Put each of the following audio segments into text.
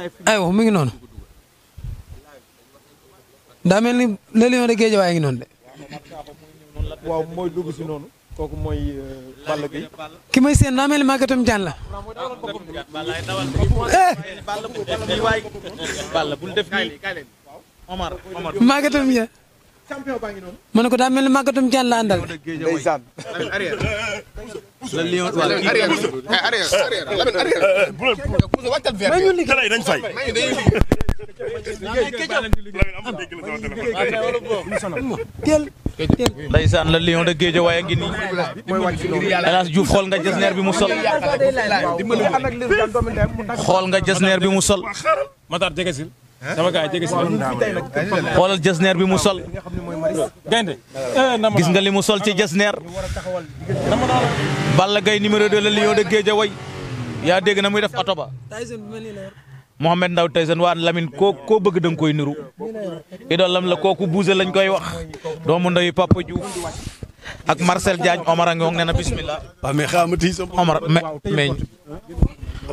aywa mu ngi noonu daa mel ni le lion de Guédiawaye ngi noonu de. waaw mooy dugg si noonu. kooku mooy euh, Balla Gaye ki may seen naa mel ni màggatum jaan la. màggatum eh! eh! ja. ma ne ko mel ni màggatum jaan la àndal. la lion waaw arrière arrière arrière la ben arrière pousse waxtal vert télé dañ fay ndeysaan la lion de géejo waaye ngi nii Elhadj Diouf xool nga jësneer bi mu sol xool nga neer bi mu sol Matar jege si sama gars jege si xoolal jasneer bi mu sol. gaynde eh, gis nga li mu sol ci jasneer. Balla Gaye numéro 2 la Lion de Guédiawaye yaa dégg na muy def oto ba. Mohamed Ndaw Tyson waan Lamine koo koo bëgg da koy niru. idoolam la kooku buuse lañ koy wax. doomu ndeyu Papa Diouf. ak Marcel Diagne Omar a ngi wax ne na bismillah. waaw mais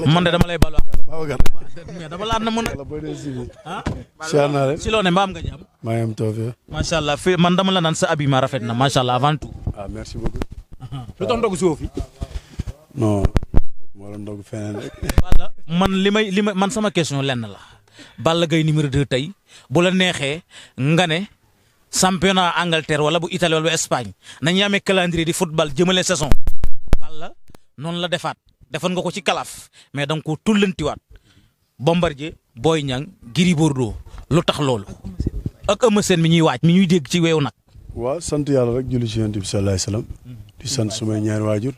man de dama lay balu Babacar mais dama laat a ah? si loo ne mbaam nga jàmm maa ngi am tawfeex macha allah fii man dama la naan sa abi ma rafet na ah, man li may li may man sama question lenn la Balla Gaye numéro 2 tey bu la neexee nga ne championnat Angleterre wala bu Italie wala bu Espagne nañu amee calendrier di football jëmale saison Balla noonu la defaat defan nga ko ci kalaaf mais da nga koo tullantiwaat Bombardier booy Niang Gris Bordeaux lu tax loolu ak Eumeu Sène mi ñuy waaj mi ñuy dégg ci weew nag. waaw sant yàlla rek julli ci yonent bi sallallahu alayhi wasallam di sant sumay ñaari waajur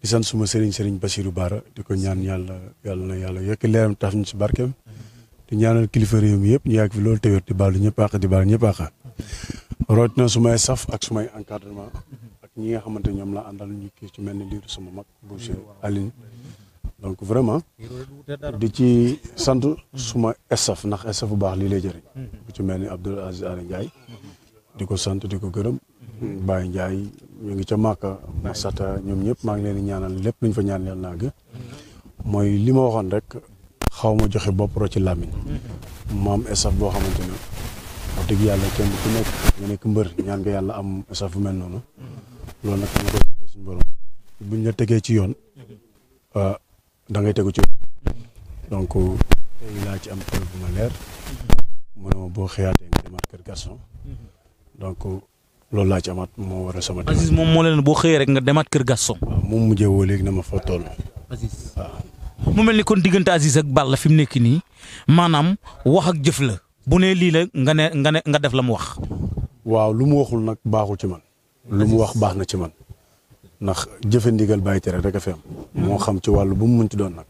di sant suma sëriñ sëriñ Bassirou Bara di ko ñaan yàlla yàlla na yàlla yokk leeram tax ñu ci barkeem di ñaanal kilifa réew mi yëpp ñu yàgg fi loolu te wér di baalu ñëpp aax di baal ñëpp àq root na sumay saf ak sumay encadrement ñi nga xamante ñoom la àndal ñu kii ci mel ni liiru sama mag boucher alin donc vraiment di ci sant suma esaf ndax esaf bu baax lii lay jëriñ bu ci mel ni Abdoul Aziz Aly Ndiaye di ko sant di ko gërëm Baye Ndiaye ñu ngi ca Màkka Masata ñoom ñëpp maa ngi leen di ñaanal lépp luñ fa ñaan leen naa gë mooy li ma waxoon rek xaw ma joxe bopp ro ci làmmiñ maam esaf boo xamante ne dëgg yàlla kenn ku nekk nga nekk mbër ñaan nga yàlla am saf bu mel noonu loolu nag dama koy sant suñu borom buñ la tegee ci yoon ah, da tegu ci donc tey laa ci am preuve boo xëyaatee nga demaat kër garçon loolu laa ci amaat moo waral sama. Aziz moom moo leen boo xëyee rek nga demaat kër garçon. waaw moom mujjee woo léegi na ma fa toll. mu mel ni kon diggante Aziz ak Balla fi mu nekk nii maanaam wax ak jëf la. bu ne lii la nga ne nga ne nga def la mu wax. waaw lu mu waxul nag baaxul ci man. lu mu wax baax na ci man. ndax jëfe ndigal bàyyi tere rek a fi moo xam ci wàllu bu mu ci doon nag.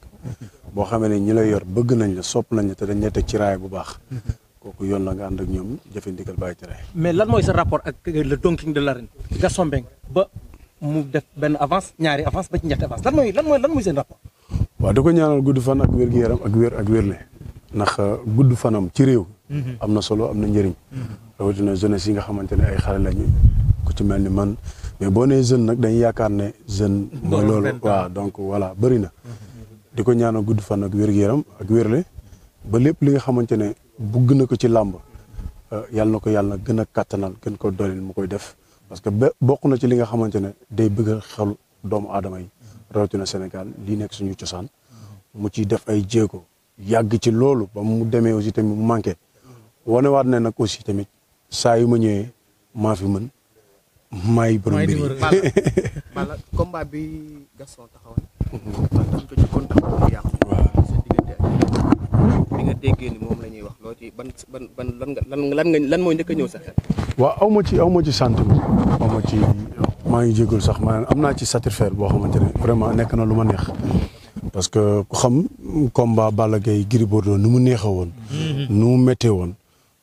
boo xamee ne ñi la yor bëgg nañ la sopp nañ la te dañ ñett ci raay bu baax. kooku yoon la nga ànd ak ñoom jëfe ndigal bàyyi tere. mais lan mooy sa rapport ak le Don King de l'arène Gaston Mbengue ba mu def benn avance ñaari avance ba ñett ñetti avance lan mooy lan mooy lan mooy seen rapport. waaw da ko ñaanal gudd fan ak wér-gu-yaram ak wér ak wér-le ndax gudd fanam ci réew. Mm-hmm. am na solo am na njëriñ mm-hmm. rawatina jeunesse yi nga xamante ne ay xale lañu ku ci mel ni man mais boo nee jeune nag dañ yaakaar ne jeune mooy loolu waa donc voilà bëri na mm-hmm. di ko ñaanal gudd fan nag wér-gu-yaram ak wérle ba lépp li nga xamante ne bugg na ko ci làmb eh, yàlla na ko yàlla gën a kàttanal gën ko dolil mu koy def parce que bokk na ci li nga xamante ne day bëgg xel doomu aadama yi rawatina Sénégal lii nekk suñu cosaan mu ciy def ay jéego yàgg ci loolu ba mu demee aussi tamit manqué waat ne nag aussi tamit saa yu ma ñëwee maa fi mën maay borom yi. Balla bi Gaston taxawoon. nga déggee ni moom la ñuy wax loo ci ban lan nga lan nga lan moo njëkk a ñëw sa xel. waaw aw ma ci aw ma ci sant bi ma ci maa ngi jégalu sax maanaam am naa ci satisfaire boo xamante ne vraiment nekk na lu ma neex. parce que ku xam combat Balla Gaye Gris Bordeaux nu mu neexee woon. Mm-hmm. nu mu méttee woon.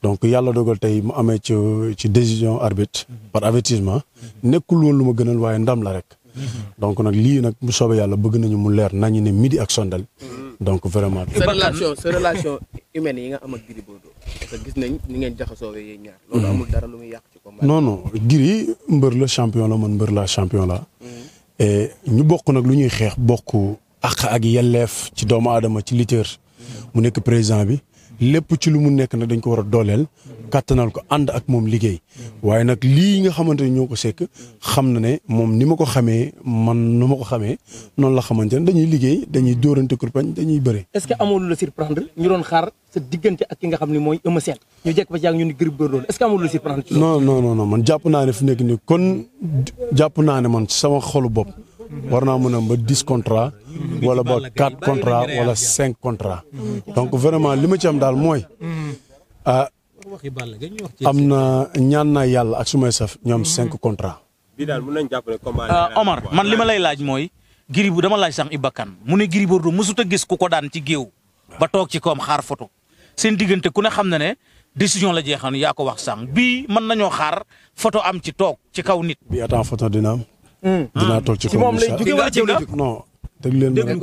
donc yàlla dogal tey mu amee ci ci décision arbitre mhm. par avertissement mhm. nekkul woon lu ma gënal waaye ndam la rek mhm. donc nag lii nag bu soobee yàlla bëgg nañu mu leer nañu ne midi ak sondal donc vraiment. sa relation sa relation yi nga am ak Gris Bordeaux parce que gis nañ ni ngeen jaxasoo yéen ñaar. loolu amul dara lu muy yàq ci combat. non non Gris mbër la champion la man mbër la champion la. et ñu bokk nag lu ñuy xeex bokk àq ak yelleef ci doomu aadama ci lutteur. mu nekk président bi. lépp ci lu mu nekk nag dañ ko war a dooleel kàttanal ko ànd ak moom liggéey waaye nag lii nga xamante ne ñoo ko sekk xam na ne moom ni ma ko xamee man nu ma ko xamee noonu la xamante ne dañuy liggéey dañuy dóorante kurpañ dañuy bëre. est-ce que amoo lu la surprendre ñu doon xaar sa diggante ak ki nga xam ne mooy Eumeu Sène ñu jekk ba jàng ñu ni Gris Bordeaux est-ce que amoo lu la surprendre. non non non man jàpp naa ne fu nekk nii kon jàpp naa ne man sama xolu bopp. war naa mën a ba dix contrat wala ba quatre contrat wala cinq contrat donc vraiment li ma ci am daal mooy ah am na ñaan naa yàlla ak su may saf ñoom cinq contrat ah, Omar man li ma lay laaj mooy Gris bu dama laaj sax Ibakan mu ne Gris Bordeaux mësut a gis ku ko daan ci géew ba toog ci koom xaar photo seen diggante ku ne xam na ne décision la jeexan yaa ko wax sànq bii mën nañoo xaar photo am ci toog ci kaw nit a attends photo dina Hmm. dinaa toog ci moom la non déglu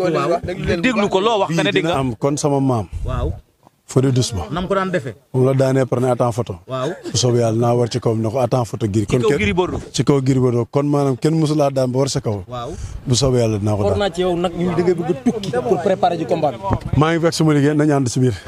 ko waaw wax nga ne am kon sama maam waaw fëri dus ba nam ko daan defee moom la daanee par ne attend photo bu soobee yàlla naa war ci kawam ne ko attend foto giri kon ci kaw giri bodo kon maanaam kenn mosulaa daan ba war sa kaw waaw bu soobee yàlla dinaa ko daan naa ci ñu da ngay bëgg a tukki pour préparer ji combat bi maa ngi fekk suma liggéey nañu ànd si biir